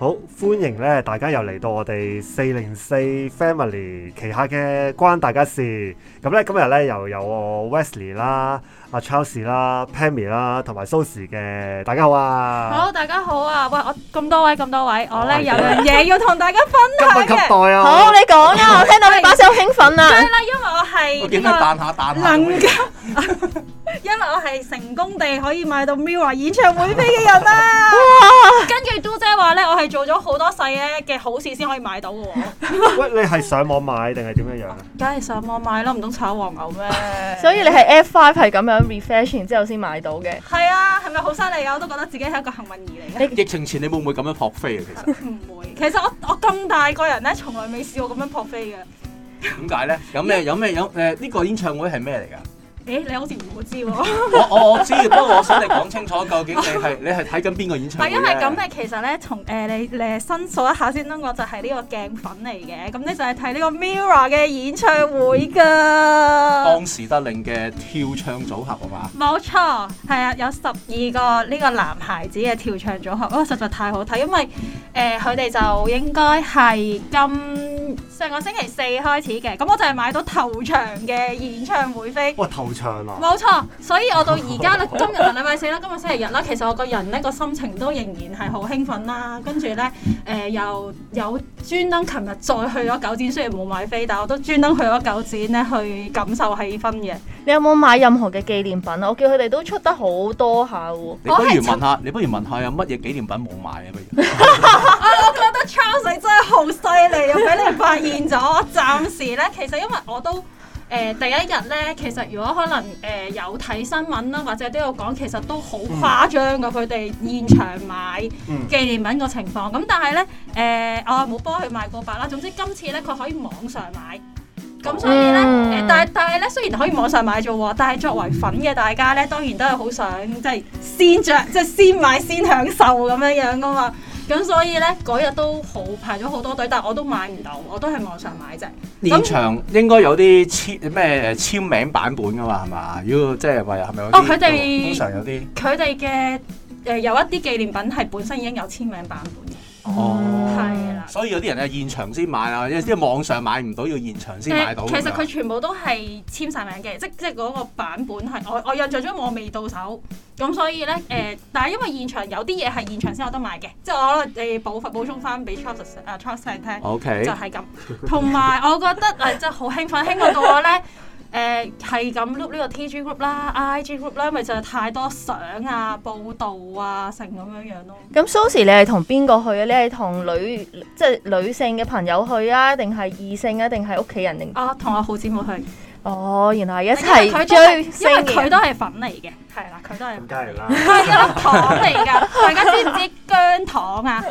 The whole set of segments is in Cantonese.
好歡迎咧，大家又嚟到我哋四零四 Family 旗下嘅關大家事。咁、嗯、咧今日咧又有我 Wesley 啦、啊啊啊、阿 Charles 啦、Pammy 啦，同埋 Susi 嘅，大家好啊！好，大家好啊！喂，我咁多位咁多位，我咧有樣嘢要同大家分享嘅。迫不及待啊！好，你講啊！我聽到你把聲好興奮啊！ 對啦，因為我係個能夠。以 因為我係成功地可以買到 m i a 啊演唱會飛嘅人啊。根據都姐話咧，我係做咗好多世嘅嘅好事先可以買到嘅喎。 喂，你係上網買定係點嘅樣咧？梗係上網買啦，唔通炒黃牛咩？ 所以你係 F5 係咁樣 refresh 然之後先買到嘅？係 啊，係咪好犀利啊？我都覺得自己係一個幸運兒嚟嘅。你疫情前你會唔會咁樣撲飛啊？其實唔 會。其實我我咁大個人咧，從來未試過咁樣撲飛嘅。點解咧？有咩有咩有誒？呢個演唱會係咩嚟噶？誒、欸、你好似唔好知喎，我我我知，不過我想你講清楚究竟你係你係睇緊邊個演唱？唔係 因為咁，係其實咧，從誒、呃、你嚟申訴一下先，啦。我就係呢個鏡粉嚟嘅，咁咧就係睇呢個 Mirror 嘅演唱會㗎。當時得令嘅跳唱組合係嘛？冇錯，係啊，有十二個呢個男孩子嘅跳唱組合，哦，實在太好睇，因為誒佢哋就應該係今上個星期四開始嘅，咁我就係買到頭場嘅演唱會飛。冇錯，所以我到而家啦，今日禮拜四啦，今日星期日啦，其實我個人呢個心情都仍然係好興奮啦，跟住呢，誒、呃、又有專登琴日再去咗九展，雖然冇買飛，但係我都專登去咗九展呢去感受氣氛嘅。你有冇買任何嘅紀念品啊？我叫佢哋都出得好多下喎、啊。你不如問下，你不如問下有乜嘢紀念品冇買啊？不如、 啊。我覺得 Charles 真係好犀利，又俾你發現咗。 暫時呢，其實因為我都。誒、呃、第一日咧，其實如果可能誒、呃、有睇新聞啦，或者都有講，其實都好誇張噶。佢哋現場買紀念品個情況，咁但係咧誒，我冇幫佢買過百啦，總之今次咧，佢可以網上買。咁所以咧、嗯呃，但係但係咧，雖然可以網上買咗喎，但係作為粉嘅大家咧，當然都係好想即係先著即係先買先享受咁樣樣噶嘛。咁所以咧，嗰日都好排咗好多隊，但我都買唔到，我都係網上買啫。現場應該有啲簽咩簽名版本噶嘛，係嘛？如果即係話係咪有？哦，佢哋通常有啲佢哋嘅誒，有一啲紀念品係本身已經有簽名版本。哦，係啦、oh, 的，所以有啲人咧現場先買啊，即係啲網上買唔到，要現場先買到。其實佢全部都係簽晒名嘅， 即即係嗰個版本係我我印象中我未到手，咁所以咧誒、呃，但係因為現場有啲嘢係現場先有得買嘅， 即係我可能誒補發補充翻俾 Charles 啊 Charles 聽 Okay .就係咁。同埋我覺得誒即係好興奮，興奮到 到我咧。誒，係咁 look 呢個 T G group 啦，I G group 啦，咪就係太多相啊、報道啊，成咁樣樣咯。咁 Susie，你係同邊個去啊？你係同女，即係女性嘅朋友去啊，定係異性啊，定係屋企人定？啊，同阿好姊妹去。哦，原來係一齊去，因為佢都係粉嚟嘅。係啦，佢都係。梗係啦。係一粒糖嚟噶，大家知唔知姜糖啊？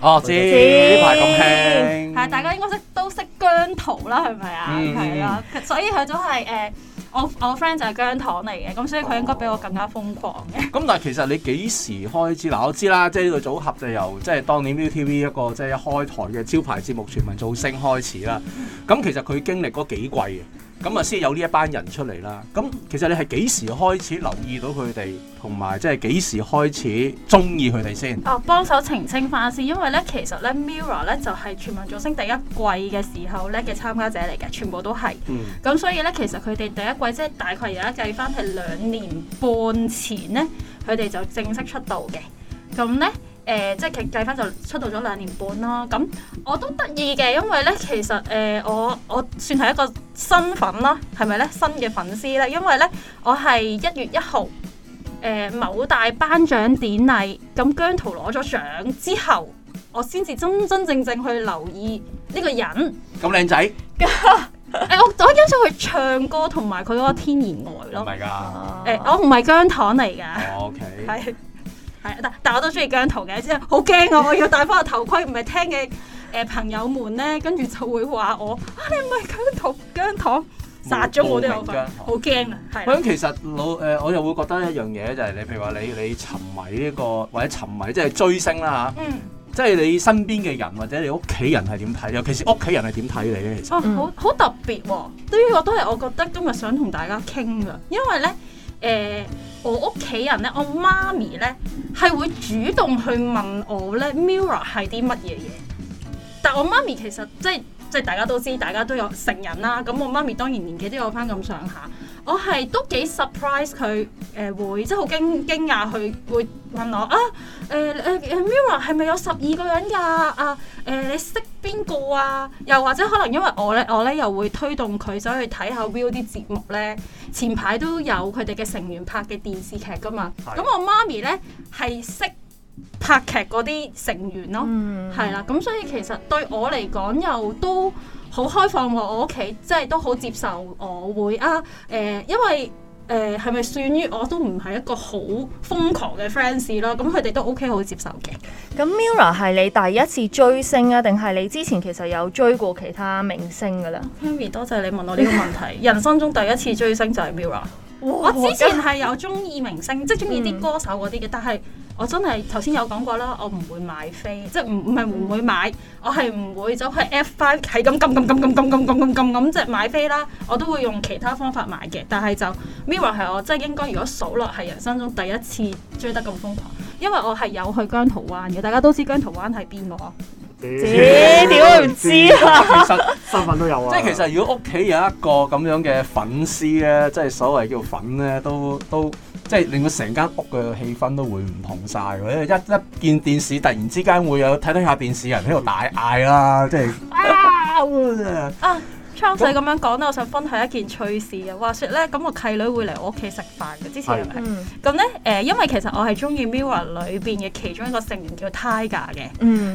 哦，知，呢排咁興，係、嗯、大家應該識都識姜濤啦，係咪？係啊、嗯？係啦、呃，所以佢都係誒，我我個 friend 就係姜糖嚟嘅，咁所以佢應該比我更加瘋狂嘅、哦。咁 但係其實你幾時開始？嗱、啊，我知啦，即係呢個組合就由即係當年 ViuTV 一個即係一開台嘅招牌節目《全民造星》開始啦。咁、嗯嗯、其實佢經歷過幾季嘅。咁啊，先有呢一班人出嚟啦。咁其實你係幾時開始留意到佢哋，同埋即係幾時開始中意佢哋先？哦、啊，幫手澄清翻先，因為咧，其實咧，Mirror 咧就係、是、全民造星第一季嘅時候咧嘅參加者嚟嘅，全部都係。嗯。咁所以咧，其實佢哋第一季即係、就是、大概而家計翻係兩年半前咧，佢哋就正式出道嘅。咁咧。誒、呃，即係計計返就出道咗兩年半啦。咁我都得意嘅，因為咧，其實誒、呃，我我算係一個新粉啦，係咪咧？新嘅粉絲咧，因為咧，我係一月一號誒某大頒獎典禮，咁姜濤攞咗獎之後，我先至真真正正去留意呢個人。咁靚仔？誒 哎，我我欣賞佢唱歌同埋佢嗰個天然呆咯。唔係㗎。我唔係姜糖嚟㗎。O K、啊。係、OK。 係，但但我都中意姜濤嘅，之後好驚啊！我要戴翻個頭盔，唔係聽嘅誒，朋友們咧，跟住就會話我啊，你唔係姜濤姜濤殺咗我都有份。」好驚啊！我諗其實老誒、呃，我又會覺得一樣嘢，就係、是、你譬如話你你沉迷呢、這個或者沉迷即係、就是、追星啦嚇，啊嗯、即係你身邊嘅人或者你屋企人係點睇？尤其是屋企人係點睇你咧？其實哦，好好、嗯啊、特別喎、啊，對於我都係我覺得今日想同大家傾㗎，因為咧誒。呃我屋企人咧，我媽咪咧係會主動去問我咧 Mirror 係啲乜嘢嘢？但我媽咪其實即係即係大家都知，大家都有成人啦。咁我媽咪當然年紀都有翻咁上下。我係都幾 surprise 佢誒、呃、會，即係好驚驚訝佢會問我啊誒誒 MIRROR 係咪有十二個人㗎啊？誒、呃、你識邊個啊？又或者可能因為我咧，我咧又會推動佢走去睇下 Viu 啲節目咧。前排都有佢哋嘅成員拍嘅電視劇㗎嘛。咁的我媽咪咧係識拍劇嗰啲成員咯，係啦、嗯。咁所以其實對我嚟講又都，好開放喎，我屋企即係都好接受，我會啊誒、呃，因為誒係咪算於我都唔係一個好瘋狂嘅 fans 咯，咁佢哋都 OK 好接受嘅。咁 Mira 係你第一次追星啊，定係你之前其實有追過其他明星噶啦？Amy，多謝你問我呢個問題，okay, 人生中第一次追星就係 Mira。我之前係有中意明星，即係中意啲歌手嗰啲嘅，嗯、但係。我真係頭先有講過啦，我唔會買飛，即係唔唔係唔會買，我係唔會走去 F 五係咁咁咁咁咁咁咁咁咁。撳撳即係買飛啦。我都會用其他方法買嘅，但係就 Mirror 係我真係應該如果數落係人生中第一次追得咁瘋狂，因為我係有去姜濤灣嘅。大家都知姜濤灣係邊個啊？點都唔知啊！身份都有啊！即係其實如果屋企有一個咁樣嘅粉絲咧，即係所謂叫粉咧，都都。都都都都即係令到成間屋嘅氣氛都會唔同曬喎，一一見電視突然之間會有睇睇下電視人喺度大嗌啦，即係啊昌仔咁樣講咧，嗯、我想分享一件趣事嘅話説咧，咁我契女會嚟我屋企食飯嘅之前係咪？咁咧誒，因為其實我係中意 Mirror 裏邊嘅其中一個成員叫 Tiger 嘅，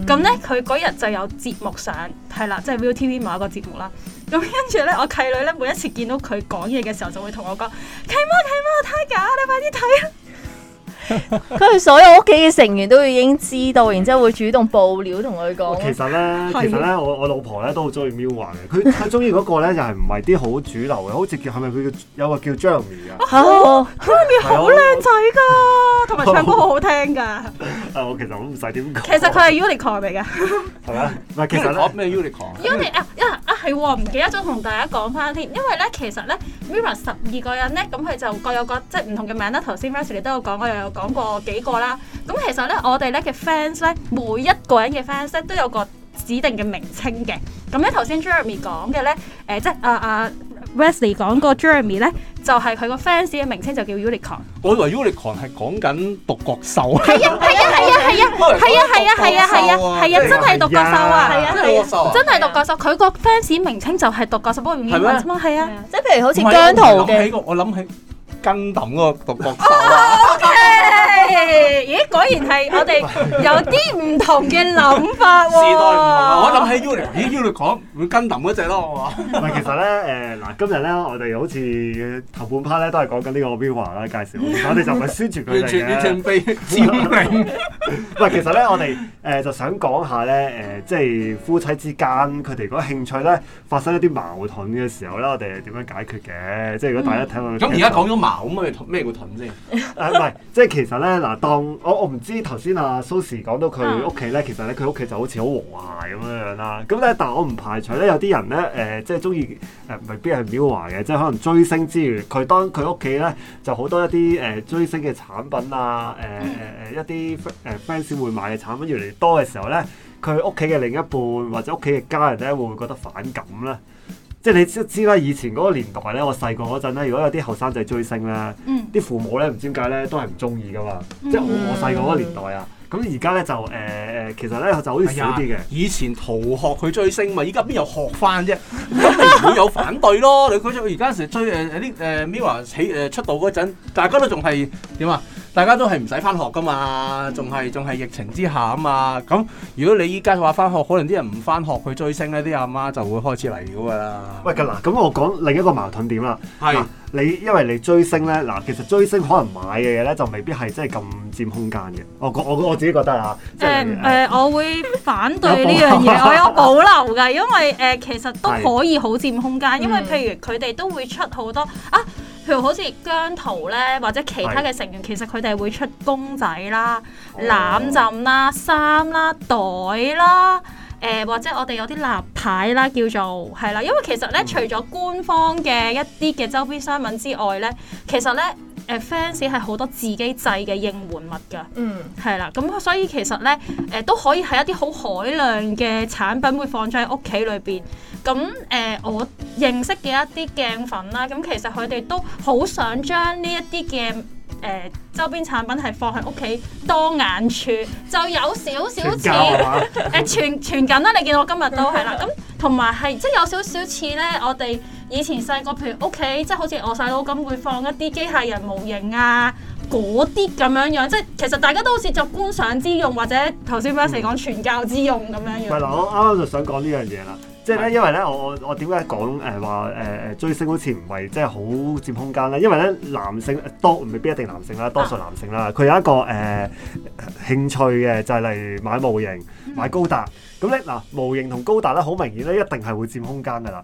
咁咧佢嗰日就有節目上係啦，即係 ViuTV 某一個節目啦。咁跟住咧，我契女咧每一次見到佢講嘢嘅時候，就會同我講：契媽契媽 Tiger 你快啲睇啊！佢係 所有屋企嘅成員都已經知道，然之後會主動報料同佢講。其實咧，的其實咧，我我老婆咧都好中意妙華嘅。佢佢中意嗰個咧就係唔係啲好主流嘅，好似叫係咪佢叫有個叫 Jeremy 啊、oh, oh？Jeremy 好靚仔噶，同埋唱歌好好聽噶。 啊！我其實我都唔使點講。其實佢係 unicorn 嚟㗎，係咪？唔係，其實咩 unicorn？unicorn 啊啊啊！係喎，唔記得咗同大家講翻添。因為咧，其實咧，Mirror 十二個人咧，咁佢就各有各即係唔同嘅名啦。頭先 Ras 你都有講，我又有講過幾個啦。咁其實咧，我哋咧嘅 fans 咧，每一個人嘅 fans 都有個指定嘅名稱嘅。咁咧，頭先 Jeremy 講嘅咧，誒，即係啊啊。Wesley 講個 Jeremy 咧，就係佢個 fans 嘅名稱就叫 Unicorn。我以為 Unicorn 係講緊獨角獸。係啊係啊係啊係啊係啊係啊係啊係啊係啊，真係獨角獸啊！獨角獸，真係獨角獸。佢個 fans 名稱就係獨角獸，不過用英文啫嘛。係啊，即係譬如好似姜濤嘅。我諗起 Gundam 個獨角獸啊。咦、欸，果然係我哋有啲唔同嘅諗法喎、哦。我諗起要嚟咦 u l i n 講會跟諗嗰隻咯，係嘛？唔係 其實咧，誒、呃、嗱，今日咧我哋好似頭半 part 咧都係講緊呢個 Viva 啦，介紹我哋就唔係宣傳佢哋嘅。完全被佔其實咧，我哋誒、呃、就想講下咧，誒、呃、即係夫妻之間佢哋嗰興趣咧發生一啲矛盾嘅時候咧，我哋點樣解決嘅？即係如果大家睇到咁，而家、嗯、講咗矛盾，乜嘢咩叫「盾」先？誒唔係，即係其實咧。嗱、啊，當我我唔知頭先阿蘇 sir 講到佢屋企咧，嗯、其實咧佢屋企就好似好和諧咁樣樣啦。咁咧，但我唔排除咧有啲人咧，誒、呃，即係中意誒，未必係表懷嘅，即係可能追星之餘，佢當佢屋企咧就好多一啲誒、呃、追星嘅產品啊，誒誒誒一啲誒 fans 會買嘅產品越嚟越多嘅時候咧，佢屋企嘅另一半或者屋企嘅家人咧會唔會覺得反感咧？即係你都知啦，以前嗰個年代咧，我細個嗰陣咧，如果有啲後生仔追星咧，啲、嗯、父母咧唔知點解咧都係唔中意噶嘛。嗯、即係我我細個嗰個年代啊，咁而家咧就誒誒、呃，其實咧就好似少啲嘅、哎。以前逃學去追星嘛，依家邊有學翻啫，咁咪唔會有反對咯。你舉出而家時追誒有啲誒 Mirror 啊起誒、uh，出道嗰陣，大家都仲係點啊？大家都係唔使返學㗎嘛，仲係仲係疫情之下啊嘛。咁如果你依家話返學，可能啲人唔返學去追星呢，啲阿媽就會開始嚟咁噶啦。喂，嗱咁我講另一個矛盾點啦。係是，你因為你追星呢，嗱其實追星可能買嘅嘢呢，就未必係真係咁佔空間嘅。我我我自己覺得啊，即係我會反對呢樣嘢，我有保留㗎，因為誒、呃、其實都可以好佔空間，是因為譬如佢哋都會出好多啊。譬如好似姜濤咧或者其他嘅成員，是其實佢哋會出公仔啦、攬、oh. 枕啦、衫啦、袋啦，誒、呃、或者我哋有啲立牌啦，叫做係啦。因為其實咧，除咗官方嘅一啲嘅周邊商品之外咧，其實咧。Uh, fans 係好多自己製嘅應援物㗎，係啦、mm.，咁所以其實呢，誒、呃、都可以係一啲好海量嘅產品會放咗喺屋企裏邊。咁誒、呃、我認識嘅一啲鏡粉啦，咁其實佢哋都好想將呢一啲嘅誒周邊產品係放喺屋企當眼處， 就有少少似誒存存緊啦。你見我今日都係啦，咁同埋係即係有少少似呢，我哋。以前細個，譬如屋企，即係好似我細佬咁，會放一啲機械人模型啊，嗰啲咁樣樣，即係其實大家都好似作觀賞之用，或者頭先 Vincent 講傳教之用咁樣樣。係啦、嗯，我啱啱就想講呢樣嘢啦，即係咧，因為咧，我我我點解講誒話誒誒追星好似唔係即係好佔空間咧？因為咧，男性多唔未必一定男性啦，多數男性啦，佢、啊、有一個誒、呃、興趣嘅就係、是、嚟買模型、買高達。咁咧嗱，模型同高達咧，好明顯咧，一定係會佔空間噶啦。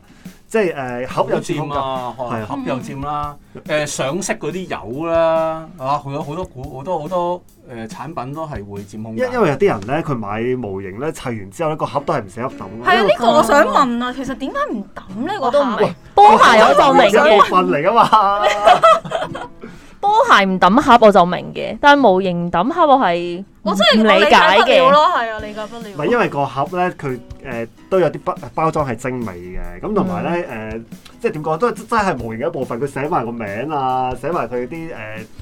即係誒，盒又佔，盒佔啊，是盒又佔啦。誒、嗯呃，上色嗰啲油啦，啊，佢有好多股，好多好多誒、呃、產品都係會佔空。因因為有啲人咧，佢買模型咧砌完之後咧，個盒都係唔捨得抌。係、嗯、啊，呢個我想問啊，其實點解唔抌咧個盒我都？波鞋我就明嘅，分嚟啊嘛。波鞋唔抌盒我就明嘅， 但係模型抌盒我係。我真係唔理解嘅，咯係啊，理解不了了。唔係因為個盒咧，佢誒、呃、都有啲包包裝係精美嘅，咁同埋咧誒，即係點講都係真係模型嘅一部分。佢寫埋個名啊，寫埋佢啲誒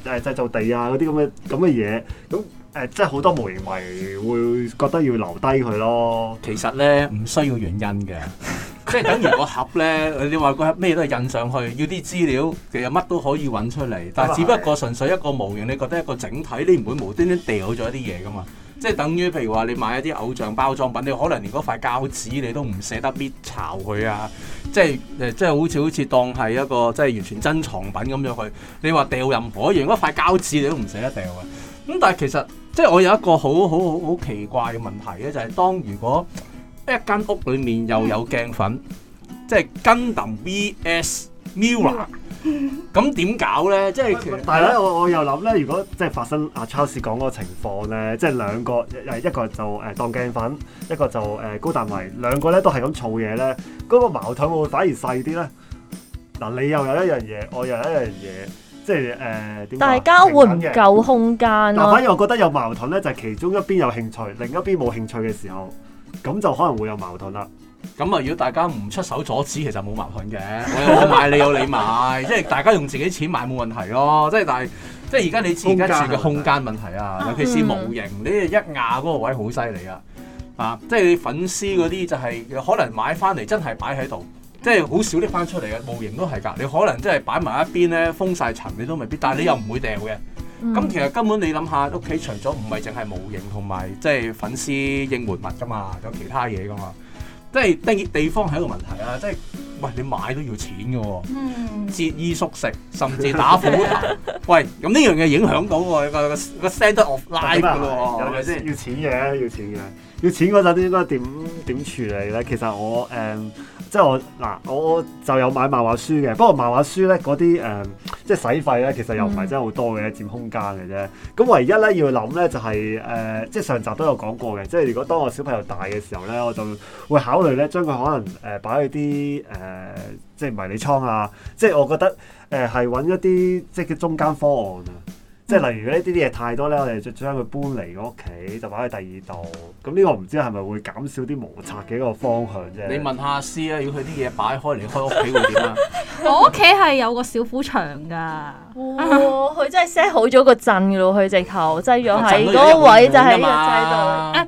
誒製造地啊嗰啲咁嘅咁嘅嘢，咁誒、呃、即係好多模型迷會覺得要留低佢咯。其實咧，唔需要原因嘅。 即係等於個盒咧，你話個盒咩都係印上去，要啲資料其實乜都可以揾出嚟，但係只不過純粹一個模型，你覺得一個整體，你唔會無端端掉咗一啲嘢噶嘛？即係等於譬如話你買一啲偶像包裝品，你可能連嗰塊膠紙你都唔捨得必巢佢啊！即係誒，即係好似好似當係一個即係完全珍藏品咁樣去，你話掉任何一樣，嗰塊膠紙你都唔捨得掉嘅。咁但係其實即係我有一個好好好奇怪嘅問題咧，就係當如果。一間屋裏面又有鏡粉，即係 Gundam VS Mirror，咁點搞咧？即係其實，但係咧，我我又諗咧，如果即係發生阿 Charles 講嗰個情況咧，即係兩個，誒一個就誒、欸、當鏡粉，一個就誒、欸、高達迷，兩個咧都係咁嘈嘢咧，嗰、那個矛盾會反而細啲咧。嗱，你又有一樣嘢，我又有一樣嘢，即係誒點？呃、大家會唔夠空間嗱、啊，反而我覺得有矛盾咧，就係、是、其中一邊有興趣，另一邊冇興趣嘅時候。咁就可能會有矛盾啦。咁啊，如果大家唔出手阻止，其實冇矛盾嘅。 我有我買，你有你買，即係大家用自己錢買冇問題咯。即係但係，即係而家你知而家住嘅空間問題啊，尤其是模型，你一壓嗰個位好犀利啊。啊，即係你粉絲嗰啲就係、是、可能買翻嚟真係擺喺度，即係好少搦翻出嚟嘅模型都係㗎。你可能即係擺埋一邊咧，封晒塵，你都未必。但係你又唔會掉嘅。嗯咁、嗯、其實根本你諗下，屋企除咗唔係淨係模型同埋即係粉絲應援物噶嘛，有其他嘢噶嘛，即係地方係一個問題啦、啊。即係喂，你買都要錢嘅喎、哦，嗯、節衣縮食甚至打虎， 喂咁呢樣嘢影響到個個個 centre of life 噶咯喎，係咪先、啊？要錢嘅，要錢嘅。要錢嗰陣應該點點處理咧？其實我誒、嗯、即係我嗱，我就有買漫畫書嘅。不過漫畫書咧嗰啲誒即係使費咧，其實又唔係真係好多嘅，佔空間嘅啫。咁唯一咧要諗咧就係、是、誒、呃，即係上集都有講過嘅，即係如果當我小朋友大嘅時候咧，我就會考慮咧將佢可能誒擺喺啲誒即係迷你倉啊。即係我覺得誒係揾一啲即係叫中間方案啊。即係例如呢啲啲嘢太多咧，我哋就將佢搬嚟我屋企，就擺喺第二度。咁呢個唔知係咪會減少啲摩擦嘅一個方向啫？你問下師啊，如果佢啲嘢擺開離開屋企會點啊？ 我屋企係有個小虎牆㗎。哇、啊！佢真係 set 好咗個陣㗎咯，佢直頭擠咗喺嗰位就係制度。啊。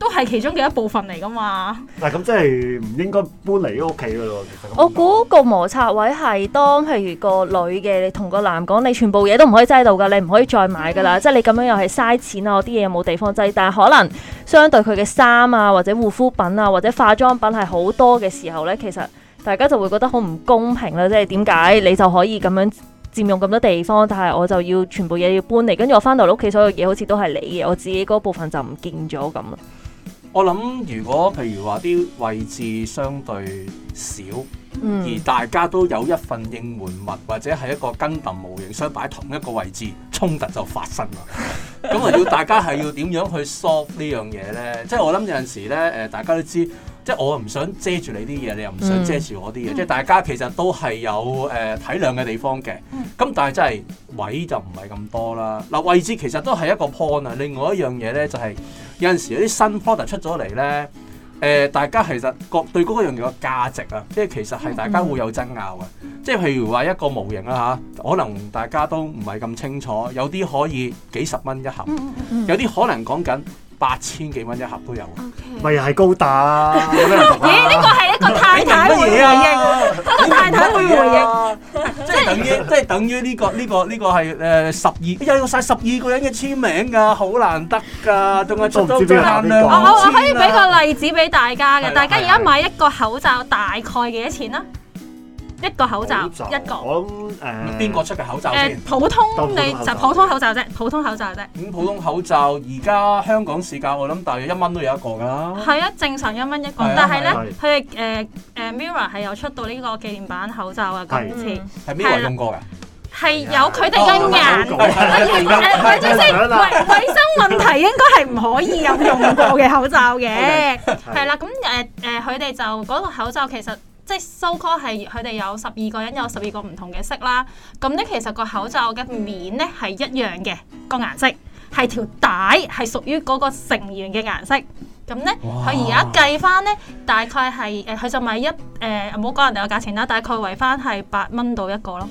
都係其中嘅一部分嚟噶嘛？嗱，咁即係唔應該搬嚟屋企噶咯。其實我估個摩擦位係當譬如個女嘅，你同個男講，你全部嘢都唔可以擠到度噶，你唔可以再買噶啦。嗯、即係你咁樣又係嘥錢啊！我啲嘢冇地方擠，但係可能相對佢嘅衫啊，或者護膚品啊，或者化妝品係好多嘅時候呢，其實大家就會覺得好唔公平啦。即係點解你就可以咁樣佔用咁多地方，但係我就要全部嘢要搬嚟，跟住我翻到屋企，所有嘢好似都係你嘅，我自己嗰部分就唔見咗咁。我諗，如果譬如話啲位置相對少，嗯、而大家都有一份應援物或者係一個 Gundam 模型，想擺同一個位置，衝突就發生啦。咁啊，要大家係要點樣去 solve 呢樣嘢呢？即、就、係、是、我諗有陣時呢，誒、呃、大家都知，即係我唔想遮住你啲嘢，你又唔想遮住我啲嘢，嗯、即係大家其實都係有誒、呃、體諒嘅地方嘅。咁但係真係位就唔係咁多啦。嗱、呃，位置其實都係一個 point 啊。另外一樣嘢呢，就係、是。有陣時有啲新 product 出咗嚟咧，誒、呃、大家其實各對嗰樣嘢嘅價值啊，即係其實係大家會有爭拗嘅。即係譬如話一個模型啊吓，可能大家都唔係咁清楚，有啲可以幾十蚊一盒，有啲可能講緊八千幾蚊一盒都有，啊 Okay.、哎，咪又係高達，咦，呢個係一個。 等於即係等於呢、呢個呢、呢個呢、呢個係誒十二，要用曬十二個人嘅簽名㗎、啊啊哦，好難得㗎，同埋出到限量。我可以俾個例子俾大家嘅，啊、大家而家買一個口罩、啊、大概幾多錢啊？一個口罩，一個。我諗誒，邊個出嘅口罩先？誒，普通，就普通口罩啫，普通口罩啫。咁普通口罩，而家香港市價我諗大約一蚊都有一個噶。係啊，正常一蚊一個，但係咧，佢哋誒誒，Mirror 係有出到呢個紀念版口罩嘅咁樣先。係 Mirror 用過嘅，係有佢哋嘅顏。係，誒，即係衛衛生問題，應該係唔可以有用過嘅口罩嘅。係啦，咁誒誒，佢哋就嗰個口罩其實。即係收 coat 係佢哋有十二個人，有十二個唔同嘅色啦，咁、嗯、咧其實個口罩嘅面咧係一樣嘅，那個顏色，係條帶係屬於嗰個成員嘅顏色，咁咧佢而家計翻咧大概係誒佢就咪一誒唔好講人哋個價錢啦，大概為翻係八蚊到一個咯，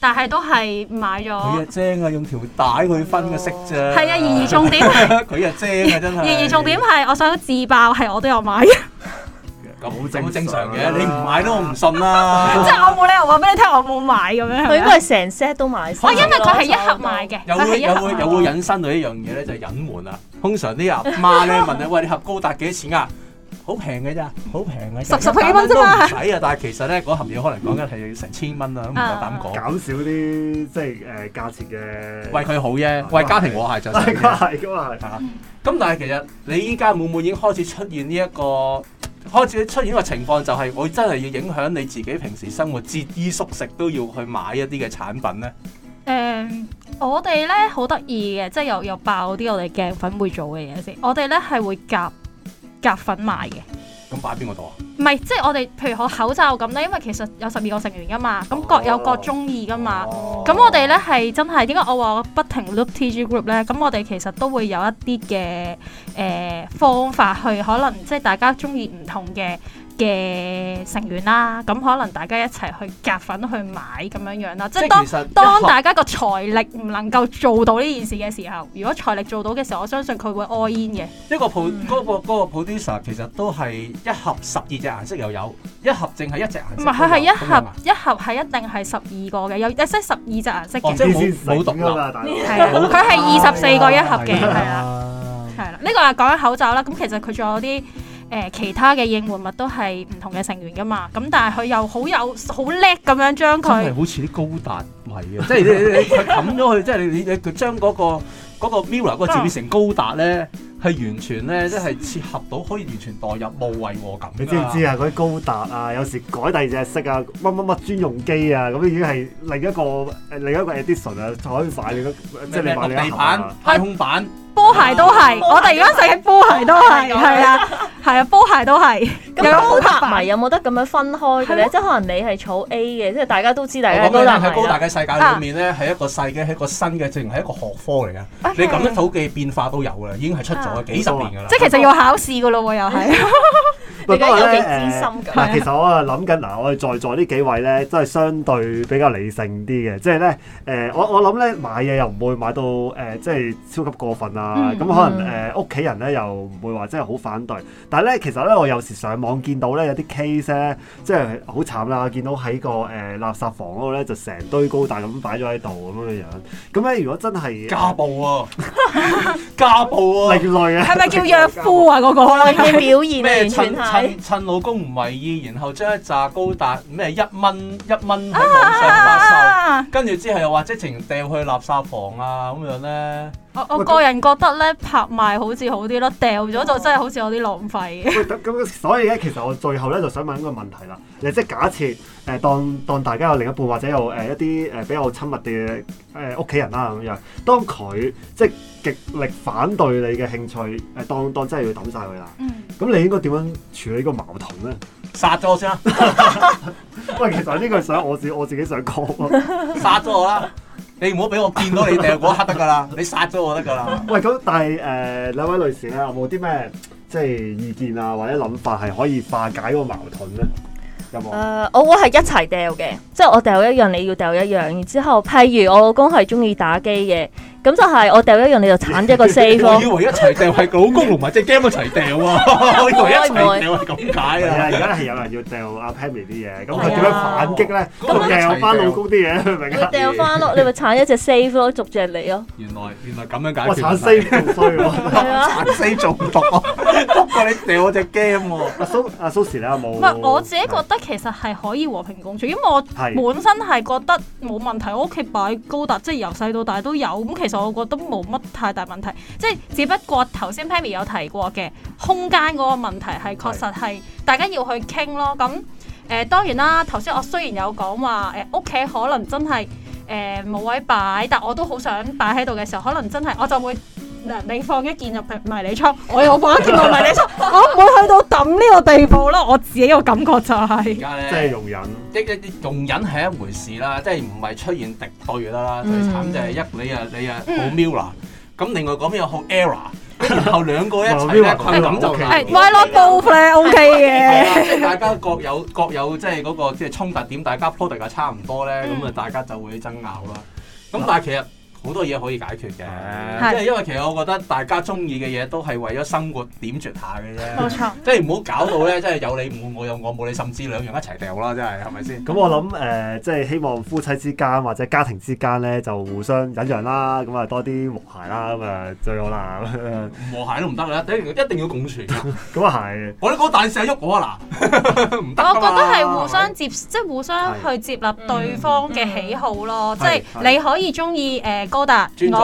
但係都係買咗。佢啊精啊，用條帶去分嘅色啫。係啊、哦，然而，而重點佢啊精啊，真係。然而，而，而重點係我想自爆係我都有買。好正常嘅，你唔買都我唔信啦。即係我冇理由話俾你聽，我冇買咁樣。佢應該係成 set 都買。哇，因為佢係一盒買嘅。有會有會有會引申到一樣嘢咧，就隱瞞啦。通常啲阿媽咧問你，喂，你盒高達幾多錢啊？好平嘅咋，好平嘅十十幾蚊啫。唔使啊！但係其實咧，嗰盒嘢可能講緊係成千蚊啦，都唔夠膽講。減少啲即係誒價錢嘅，為佢好啫，為家庭和諧就係。咁係㗎嘛係嚇。咁但係其實你依家會唔會已經開始出現呢一個。開始出現個情況就係、是，我真係要影響你自己平時生活，節衣縮食都要去買一啲嘅產品呢誒、呃，我哋呢，好得意嘅，即係又又爆啲我哋鏡粉會做嘅嘢先。我哋呢，係會夾夾粉賣嘅。咁擺喺邊個度啊？唔係即係我哋，譬如我口罩咁咧，因為其實有十二個成員噶嘛，咁、oh. 各有各中意噶嘛。咁、oh. 我哋咧，係真係點解我話我不停 loop T G group 咧？咁我哋其實都會有一啲嘅誒方法去，可能即係大家中意唔同嘅嘅成員啦，咁可能大家一齊去夾粉去買咁樣樣啦。即係當當大家個財力唔能夠做到呢件事嘅時候，如果財力做到嘅時候，我相信佢會 all in 嘅。一個普嗰個嗰個 producer 其實都係一盒十二隻顏色又有，一盒淨係一隻顏色。唔係，佢係一盒一盒係一定係十二個嘅，有有即係十二隻顏色嘅，即係冇冇啦。係啊，佢係二十四個一盒嘅，係啊，係啦。呢個係講緊口罩啦。咁其實佢仲有啲。誒其他嘅應援物都係唔同嘅成員噶嘛，咁但係佢又好有好叻咁樣將佢，真係好似啲高達迷啊！即係你你你冚咗佢，即係你你你佢將嗰個嗰個 Mirror 嗰個變成高達咧，係完全咧即係切合到可以完全代入無違和感。你知唔知啊？嗰啲高達啊，有時改第二隻色啊，乜乜乜專用機啊，咁已經係另一個另一個 edition 啊，可以買嘅，即係你買你買。地板、太空版。波鞋都係，我哋而家嘅波鞋都係，係啊，係啊，波鞋都係。咁高達迷有冇得咁樣分開嘅咧？即係可能你係草 A 嘅，即係大家都知。我覺得喺高大嘅世界裏面咧，係一個世界，係一個新嘅，淨係一個學科嚟嘅。你咁樣土嘅變化都有啦，已經係出咗幾十年噶啦。即係其實要考試噶咯，又係。唔係，不過咧誒，唔係、呃，其實我係諗緊，嗱、呃，我哋在座呢幾位咧，真係相對比較理性啲嘅，即係咧誒，我我諗咧買嘢又唔會買到誒，即、呃、係超級過分啊！咁、嗯、可能誒屋企人咧又唔會話真係好反對，但係咧其實咧我有時上網見到咧有啲 case 咧，即係好慘啦，見到喺個誒、呃、垃圾房嗰度咧就成堆高大咁擺咗喺度咁樣樣，咁、嗯、咧如果真係家暴喎，家暴啊，另類嘅、啊，係咪叫虐夫啊嗰、啊、個咧嘅表現 麼完全嚇？ 趁老公唔為意，然後將一紮高達咩一蚊一蚊喺網上發售，跟住、啊、之後又話即係掟去垃圾房啊咁樣呢。我個人覺得咧拍賣好似好啲咯，掉咗就真係好似有啲浪費。咁所以咧，其實我最後咧就想問一個問題啦。你即係假設誒，當當大家有另一半或者有誒一啲誒比較親密嘅誒屋企人啦咁樣，當佢即係極力反對你嘅興趣，誒，當當真係要抌晒佢啦。咁、嗯、你應該點樣處理個矛盾咧？殺咗先。喂， 其實呢個想我自我自己想講，殺咗啦。你唔好俾我見到你掉嗰刻得噶啦，你殺咗我得噶啦。喂，咁但係誒兩位女士咧，有冇啲咩即係意見啊或者諗法係可以化解嗰個矛盾咧？有冇？誒、呃，我會係一齊掉嘅，即係我掉一樣，你要掉一樣。然之後，譬如我老公係中意打機嘅。咁就係我掉一樣，你就鏟咗個 Safe。以為一齊掉係老公同埋隻 game 一齊掉啊！以為一齊掉係咁解啊！而家係有人要掉阿 Penny 啲嘢，咁佢點樣反擊咧？又係掉翻老公啲嘢，明唔明啊？掉翻咯，你咪鏟一隻 Safe 逐隻你咯。原來原來咁樣解。我鏟 Safe 好衰喎。鏟 Safe 中毒啊！不過你掉我隻 game 喎。阿蘇阿蘇時咧冇。唔係我自己覺得其實係可以和平共處，因為我本身係覺得冇問題。我屋企擺高達，即係由細到大都有。咁其實。我覺得冇乜太大問題，即係只不過頭先 Pammy 有提過嘅空間嗰個問題係確實係大家要去傾咯。咁誒、呃、當然啦，頭先我雖然有講話誒屋企可能真係誒冇位擺，但我都好想擺喺度嘅時候，可能真係我就會你放一件入迷你倉，我又放一件入迷你倉。 呢個地步啦，我自己個感覺就係而家咧，即係容忍，即係容忍係一回事啦，即係唔係出現敵對啦。最慘就係一你啊你啊好 Mirror，咁另外嗰邊又好 Error，然後兩個一齊困咁就係快樂 b u f e OK 嘅，大家各有各有即係嗰個即係衝突點，大家 point 差唔多咧，咁啊大家就會爭拗啦。咁但係其實。好多嘢可以解決嘅，即係因為其實我覺得大家中意嘅嘢都係為咗生活點綴下嘅啫，冇錯，即係唔好搞到咧，即係有你冇我，有我冇你，甚至兩樣一齊掉啦，即係係咪先？咁我諗誒，即係希望夫妻之間或者家庭之間咧，就互相忍讓啦，咁啊多啲和諧啦，咁啊最好啦。和諧都唔得嘅，一定要共存。咁啊係，我都講大事聲喐我啊嗱，我覺得係互相接，即係互相去接納對方嘅喜好咯，即係你可以中意誒。我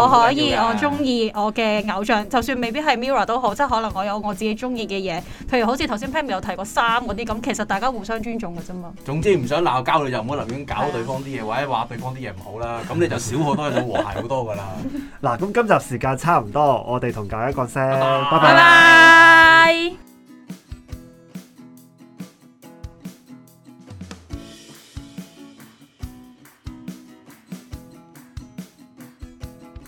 可以，啊、我中意我嘅偶像，啊、就算未必係 Mirror 都好，即係可能我有我自己中意嘅嘢，譬如好似頭先 Pam 咪有提過衫嗰啲咁，其實大家互相尊重嘅啫嘛。總之唔想鬧交，你就唔好留邊搞對方啲嘢， 或者話對方啲嘢唔好啦，咁你就少好多， 就和諧好多噶啦。嗱、 啊，咁今集時間差唔多，我哋同大家講聲，拜拜。